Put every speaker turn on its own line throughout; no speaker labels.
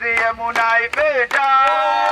the ifeja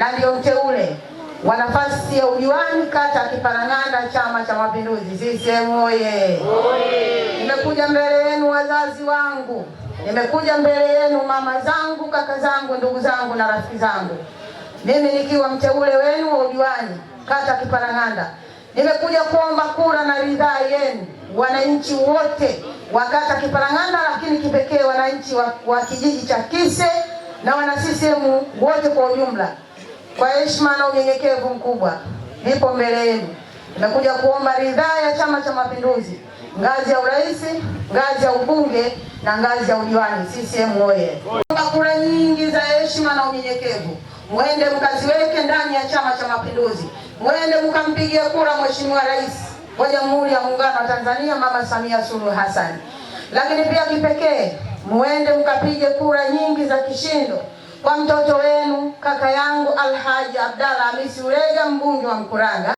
na ndio mteule wa nafasi ya udiwani kata ya Kiparang'anda, Chama cha Mapinduzi, CCM oye! Nimekuja mbele yenu wazazi wangu, nimekuja mbele yenu mama zangu, kaka zangu, ndugu zangu na rafiki zangu, mimi nikiwa mteule wenu wa udiwani kata ya Kiparang'anda, nimekuja kuomba kura na ridhaa yenu, wananchi wote wa kata Kiparang'anda, lakini kipekee wananchi wa, wa kijiji cha Kise na wana CCM wote kwa ujumla. Kwa heshima na unyenyekevu mkubwa nipo mbele yenu, nimekuja kuomba ridhaa ya Chama cha Mapinduzi ngazi ya urais, ngazi ya ubunge na ngazi ya udiwani. CCM oye! Omba kura nyingi za heshima na unyenyekevu, mwende mkaziweke ndani ya Chama cha Mapinduzi, mwende mkampigie kura Mheshimiwa Rais wa Jamhuri ya Muungano wa Tanzania Mama Samia Suluhu Hassan. Lakini pia kipekee, mwende mkapige kura nyingi za kishindo kwa mtoto wenu kaka yangu Alhaji Abdalla Hamisi Ulega, mbunge wa Mkuranga.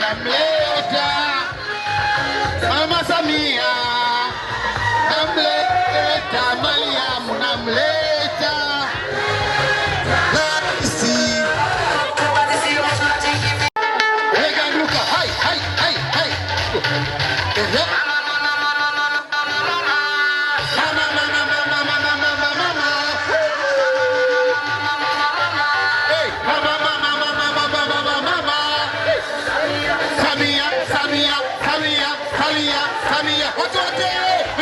namleta Mama Samia, namleta Mariamu, namleta Khalia খালিয়া খালিয়া হচ্ছে